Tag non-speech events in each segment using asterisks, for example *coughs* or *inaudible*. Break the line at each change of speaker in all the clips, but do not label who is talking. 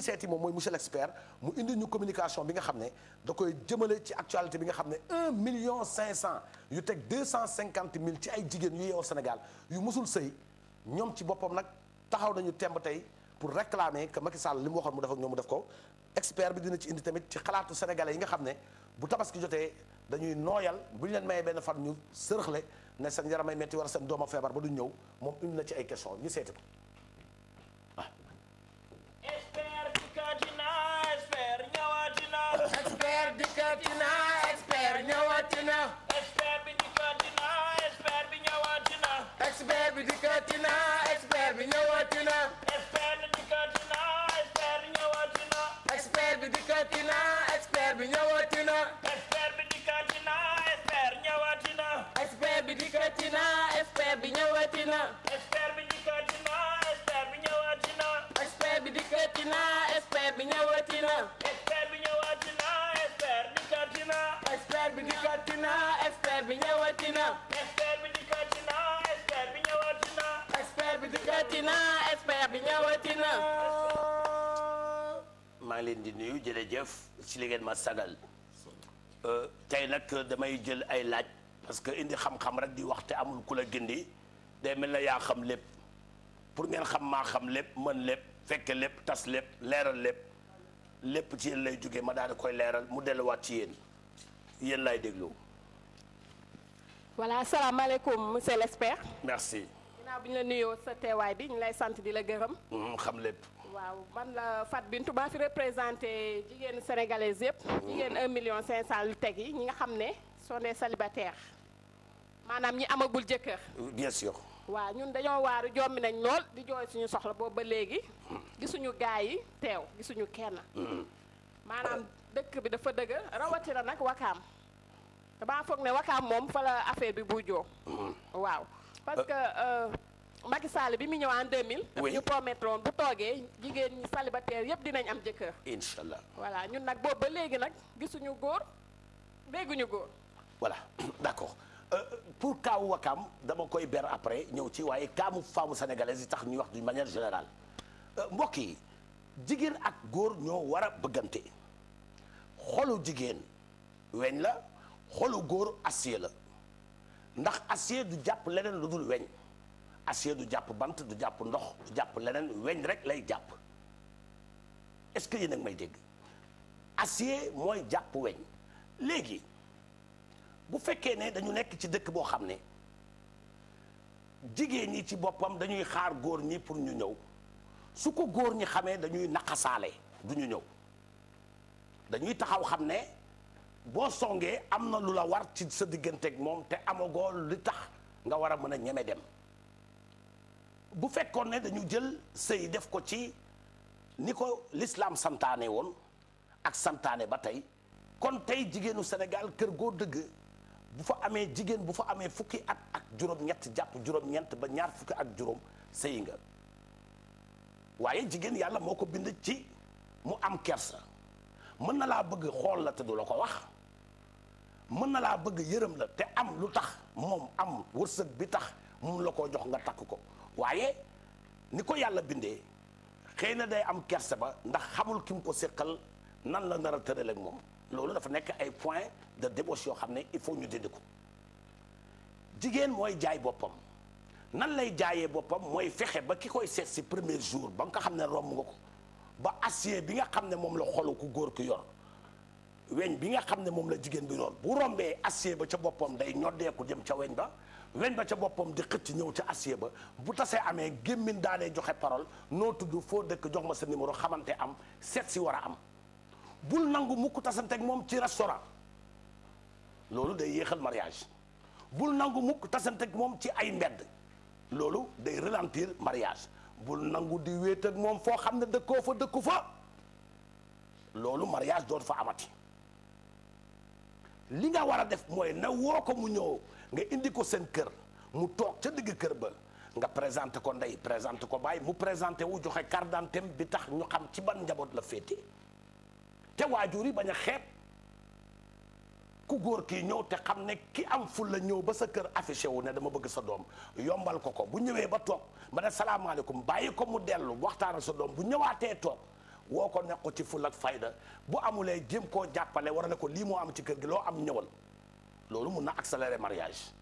ñuy seeti moom mooy monsieur l'expert mu indi ñu communication bi nga xam ne da koy jëmale ci actualité bi nga xam ne un million cinq cent yu teg deux cent cinquante mille ci ay jigéen yu yeewoo Sénégal yu musul sëy ñoom ci boppam nag taxaw nañu temb tey pour réclamer que Macky li mu waxoon mu def ak ñoom mu def ko expert bi dina ci indi tamit ci xalaatu sénégalais yi nga xam ne bu tabaski jotee dañuy nooyal bu ñu leen mayee benn fan ñu sërëxle ne seen yaramay metti war a seen dooma feebar ba du ñëw moom indi na ci ay question ñu seeti ko dikkati na expert ñëwaati na. expert bi dikkati na expert bi ñëwaati na. expert bi dikkati na expert bi ñëwaati na. expert bi dikkati na expert bi ñëwaati na. expert bi dikkati na expert bi ñëwaati na. expert bi dikkati na expert ñëwaati na. expert bi dikkati na expert bi ñëwaati na. expert bi dikkati na expert bi ñëwaati na. expert bi dikkati na expert bi ñëwaati na. expert bi dikkati na expert bi ñëwati na. expert bi dikkati na expert bi na. expert bi dikkati na naa bi maa ngi leen di nuyu jëf ci li ngeen ma sagal euh, tey nag damay jël ay laaj parce que indi xam-xam rek di waxte amul ku la gindi day mel yaa xam lépp pour ngeen xam maa xam lépp mën lépp fekk lépp tas lépp leeral lépp lépp ci yéen lay jógee ma daal di koy leeral mu delluwaat ci yéen. yéen laay déglu. voilà salaamaaleykum monsieur l'expert. merci. ginnaaw bi ñu la nuyoo sa teewaay bi ñu lay sant di la gërëm. Mm-hmm, xam lépp. waaw man la Fat bintu maa fi représenté jigéenu sénégalaises yëpp. jigéen 1 mm-hmm. million 500 lu teg yi ñi nga xam ne sont des célibataires maanaam ñi amagul jëkkër. bien sûr. waaw ñun dañoo waaru jommi nañ lool di jooy suñu soxla boobu ba léegi. Mm-hmm. gisuñu gaay yi teew gisuñu kenn. maanaam dëkk bi dafa dëgg rawatina nag wakaam damaa foog ne wakaam moom fa la affaire bi bu joo mm-hmm. waaw parce que euh. Euh, Macky Sall bi mu ñëw en 2000. oui ñu promettoon bu toogee jigéen ñi célibataire yëpp dinañ am jëkkër. incha allah voilà ñun nag boobu ba léegi nag gisuñu góor dégguñu góor. voilà *coughs* d' accord euh, pour kaaw wakaam dama koy ber après ñëw ci waaye kaamu faamu sénégalaise yi tax ñuy wax d'une manière générale mbokk yi jigéen ak góor ñoo war a bëggante. xolu jigéen weñ la xolu góor acier la ndax acier du jàpp leneen lu dul weñ acier du jàpp bant du jàpp ndox du jàpp leneen weñ rek lay jàpp est-ce que yéen a may dégg acier mooy jàpp weñ léegi bu fekkee ne dañu nekk ci dëkk boo xam ne jigéen ñi ci boppam dañuy xaar góor ñi pour ñu ñëw su ko góor ñi xamee dañuy naqasaale duñu ñëw dañuy taxaw xam ne boo songee am na lu la war ci sa digganteek moom te amagoo li tax nga war a mën a ñeme dem bu fekkoon ne dañu jël sëy def ko ci ni ko lislaam santaane woon ak santaane ba tey kon tey jigéenu senegal kër goo dëgg bu fa amee jigéen bu fa amee fukki at ak juróom-ñett jàpp juróom-ñeent ba ñaar fukki ak juróom sëy nga waaye jigéen yàlla moo ko bind ci mu am kersa mën na laa bëgg xool la te du la ko wax mën na laa bëgg yërëm la te am lu tax moom am wërsëg bi tax mun la koo jox nga takk ko waaye ni ko yàlla bindee xëy na day am kerse ba ndax xamul ki mu ko séqal nan la nara a tëral moom loolu dafa nekk ay point de débauche yoo xam ne il faut ñu dindi ko jigéen mooy jaay boppam nan lay jaayee boppam mooy fexe ba ki koy sees si premier jour ba nga xam ne romb nga ko ba acier bi nga xam ne moom la xolu ku góor ku yoon weñ bi nga xam ne moom la jigéen bi yor bu rombee acier ba ca boppam day ñoddeeku dem ca weñ ba weñ ba ca boppam di xëcc ñëw ca acier ba bu tasee amee gémmin daanee joxe parole noo tudd foo dëkk jox ma sa numéro xamante am seet si war a am bul nangu mukk tasanteeg moom ci restaurant loolu day yéexal mariage bul nangu mukk tasanteeg moom ci ay mbedd loolu day relantir mariage bul nangu di wéet moom foo xam ne dëkkoo fa dëkku fa loolu mariage doot fa amati li nga war a def mooy na woo ko mu ñëw nga indi ko seen kër mu toog ca digg kër ba nga présenté ko ndey présenté ko baay mu présenté wu joxe carte d'identité bi tax ñu xam ci ban njaboot la féete te waajur yi bañ a xeeb ku góor kii ñëw te xam ne kii am ful la ñëw ba sa kër affiché wu ne dama bëgg sa doom yombal ko ko bu ñëwee ba toog ma ne salaamaaleykum bàyyi ko mu dellu waxtaan sa doom bu ñëwaatee toog woo ko nekk ko ci ful ak fayda bu amulee jéem koo jàppale war na ko lii moo am ci kër gi loo am ñëwal loolu mun na accélérer mariage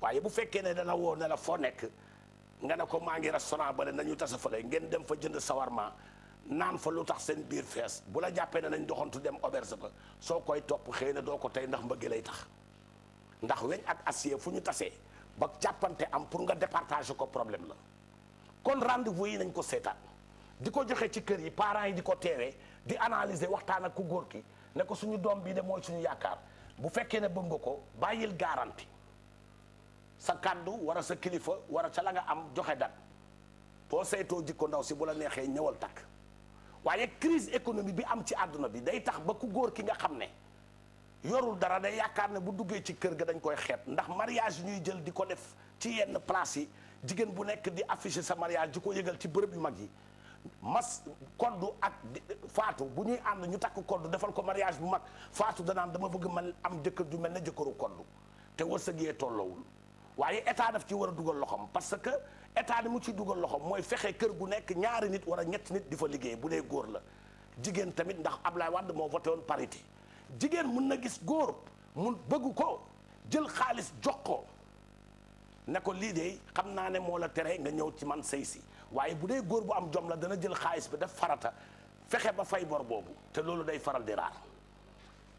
waaye bu fekkee ne dana woo ne la foo nekk nga ne ko maa ngi restaurant bale nañu tasa fale ngeen dem fa jënd sawarma naan fa lu tax seen biir fees bu la jàppee ne nañ doxantu dem auberge ba soo koy topp xëy na doo ko tey ndax mbëgg lay tax ndax weñ ak acier fu ñu tasee ba jàppante am pour nga départage ko problème la kon rendez-vous yi nañ ko seetaan di ko joxe ci kër yi parents yi di ko teewee di analyser waxtaan ak ku góor ki ne ko suñu doom bii de mooy suñu yaakaar bu fekkee ne bëgg nga ko bàyyil garanti sa kàddu wara sa kilifa wara a ca la nga am joxe dat boo saytoo jikko ndaw si bu la neexee ñëwal takk waaye crise économique bi am ci àdduna bi day tax ba ku góor ki nga xam ne yorul dara day yaakaar ne bu duggee ci kër ga dañ koy xeet ndax mariage ñuy jël di ko def ci yenn place yi jigéen bu nekk di afficher sa mariage di ko yëgal ci bërëb yu mag yi mas koddu ak faatu bu ñuy ànd ñu takk koddu defal ko mariage bu mag faatu danaan dama bëgg man am jëkkër ju mel na jëkkëru koddu te wërsëg yee tolloowul waaye état daf ci war a dugal loxoom que état ni mu ciy dugal loxo mooy fexe kër gu nekk ñaari nit wala ñetti nit di fa liggéey bu dee góor la jigéen tamit ndax Ablaye Wade moo voté woon parité jigéen mun na gis góor mun bëgg ko jël xaalis jox ko ne ko lii de xam naa ne moo la tere nga ñëw ci man sëy si waaye bu dee góor bu am jom la dana jël xaalis bi def farata fexe ba fay bor boobu te loolu day faral di raar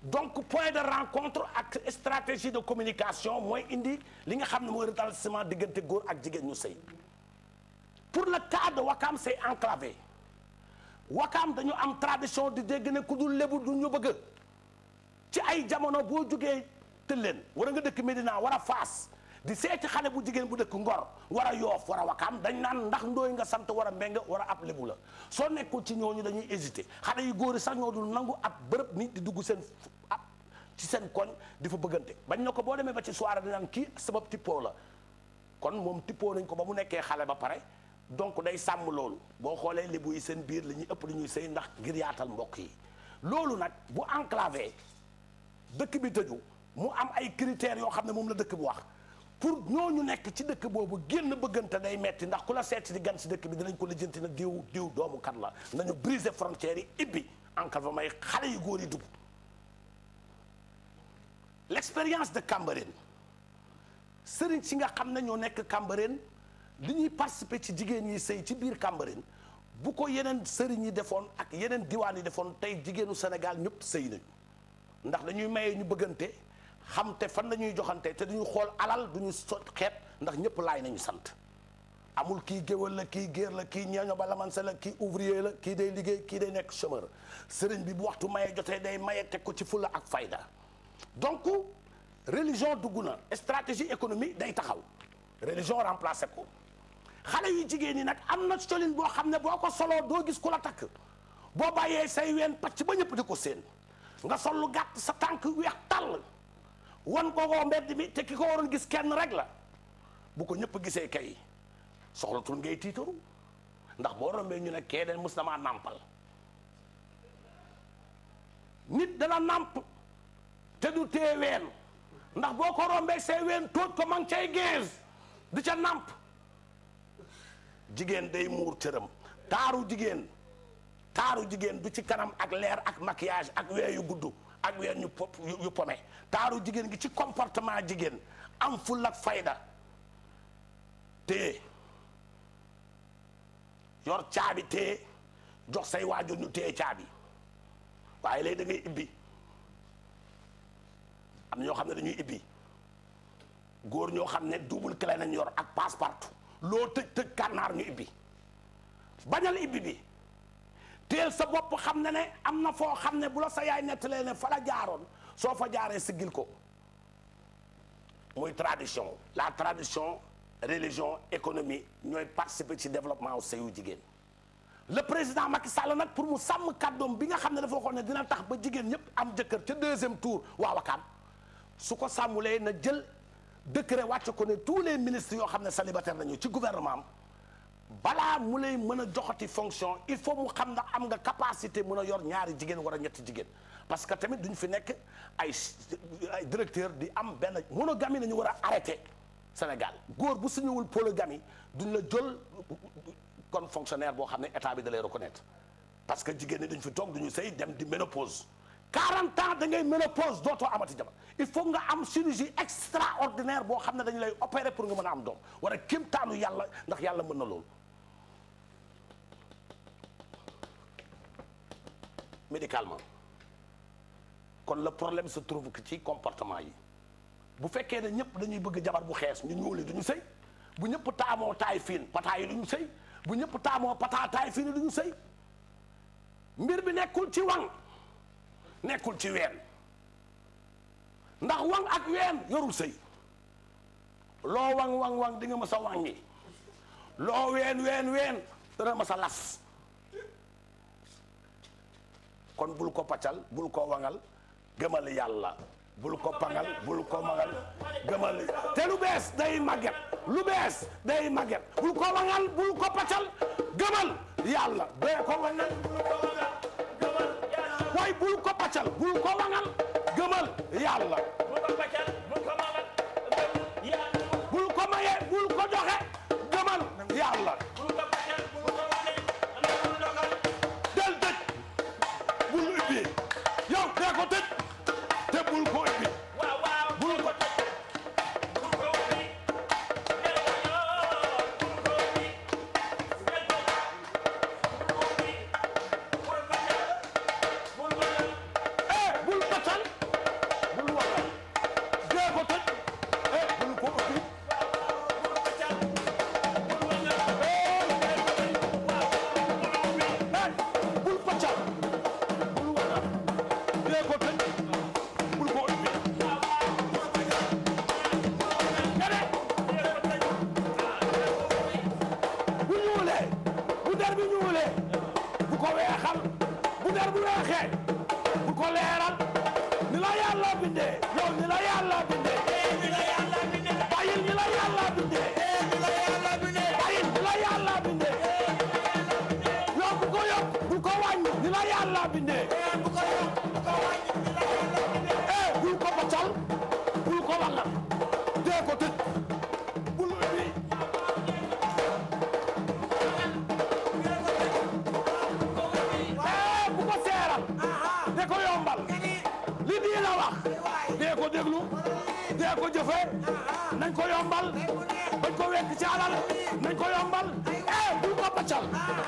donc point de rencontre ak stratégie de communication mooy indi li nga xam ne mooy retentissement diggante góor ak jigéen ñu sëy pour le cas de Wakam c'est enclavé Wakam dañu am tradition di dégg ne ku dul lebu du ñu bëgg ci ay jamono boo jógee tëlleen war a nga dëkk Medina war a Faas di seeti xale bu jigéen bu dëkk Ngor war a Yoof war a Wakaam dañ naan ndax ndooy nga sant war a mbeng war a ab lebu la soo nekkul ci ñooñu dañuy hésité xale yu góor yi sax ñoo dul nangu ab bërëb ni di dugg seen ab ci seen koñ di fa bëggante bañ na ko boo demee ba ci soirée dañ naan kii sabab tippoo la kon moom tippoo nañ ko ba mu nekkee xale ba pare donc day sàmm loolu boo xoolee lébu yi seen biir la ñuy ëpp lu ñuy sëy ndax ngir yaatal mbokk yi loolu nag bu enclavé dëkk bi tëju mu am ay critères yoo xam ne moom la dëkk bi wax pour ñu nekk ci dëkk boobu génn bëggante day metti ndax ku la seet di gan si dëkk bi danañ ko lijjanti na diw diw doomu kat la nañu briser frontières yi ibbi enclavement yi xale yu góor yi dugg l'expérience de Cambérène sëriñ si nga xam ne nekk Cambérène li ñuy participer ci jigéen ñi sëy ci biir Cambérène bu ko yeneen sëriñ yi defoon ak yeneen diwaan yi defoon tey jigéenu senegal ñëpp sëy nañu ndax dañuy maye ñu bëggante xam te fan la ñuy joxante te duñu xool alal duñu so xeet ndax ñëpp laay nañu sant amul kii géwél la kii géer la kii ñeeño ba lamanse la kii ouvrier la kii day liggéey kii day nekk chômeur sëriñ bi bu waxtu maye jotee day maye teg ko ci fulla ak fayda donc religion dugg na stratégie économique day taxaw religion remplacé ko xale yu jigéen yi nag am na colin boo xam ne boo ko soloo doo gis ku la takk boo bàyyee say ween pacc ba ñëpp di ko seen nga sol lu gàtt sa tànk weex tàll wan ko koo mbedd mi te ki ko waroon gis kenn rek la bu ko ñëpp gisee kay soxlatul ngay tiitaru ndax boo rombee ñu ne kee den mus damaa nàmpal nit dana nàmp te du tee ween ndax boo ko rombee say ween tóoj ko man cay 15 di ca nàmp jigéen day muur cëram taaru jigéen taaru jigéen du ci kanam ak leer ak maquillage ak wee yu gudd ak wee ñu pop yu pome taaru jigéen gi ci comportement jigéen am ful ak fayda téye yor caabi téye jox say waajur ñu téye caabi waaye léegi da ngay ibbi am na ñoo xam ne dañuy ibbi góor ñoo xam ne double clé nañ yor ak passe loo tëj tëj kànnaar ñu ibbi bañal ibbi bi teel sa bopp xam ne ne am na foo xam ne bu la sa yaay nettalee ne fa la jaaroon soo fa jaaree siggil ko muy tradition la tradition religion économie ñooy participer ci développement sëyu jigéen le président Macky Sall nag pour mu sàmm kàddoom bi nga xam ne dafa waxoon ne dina tax ba jigéen ñëpp am jëkkër ca deuxième tour waa Wakaam su ko sàmmulee na jël décret wàcce ko ne tous les ministres yoo xam ne célibataire nañu ci gouvernement bala balaa mu lay mën a joxati fonction il faut mu xam na am nga capacité mën a yor ñaari jigéen war a ñetti jigéen parce que tamit duñ fi nekk ay directeur di am benn monogamie nañu war a arrêté Sénégal góor bu si suñuwul polygamie duñ la jël kon fonctionnaire boo xam ne état bi da lay reconnaître parce que jigéen ñi dañ fi toog du ñu sëy dem di ménopause 40 ans da ngay ménopause dootoo amati jabar il faut nga am chirurgie extraordinaire boo xam ne dañu lay opérer pour nga mën a am doom wala kéemtaanu yàlla ndax yàlla mën na loolu médicalement kon le problème se trouve que ci comportement yi bu fekkee ne ñëpp dañuy bëgg jabar bu xees ñu ñuul yi du sëy bu ñëpp taamoo taay fiin pataa yi du ñu sëy bu ñëpp taamoo pataa taay fiin yi du sëy mbir bi nekkul ci wang nekkul ci ween ndax wan ak ween yorul sëy loo waŋ waŋ waŋ di nga mës a waŋ loo ween ween ween dana mës las kon bul ko paccal bul ko waŋal gëmal yàlla bul ko pangal bul ko mangal gëmal te lu bees day màgget lu bees day màgget bul ko waŋal bul ko paccal gëmal yàlla bee ko waŋal bul ko paccal bul ko wangal gëmal yàlla bul ko paccal bul ko wangal gëmal yombal bañ ko wekk ci alal nañ ko yombal eh bu ko paccal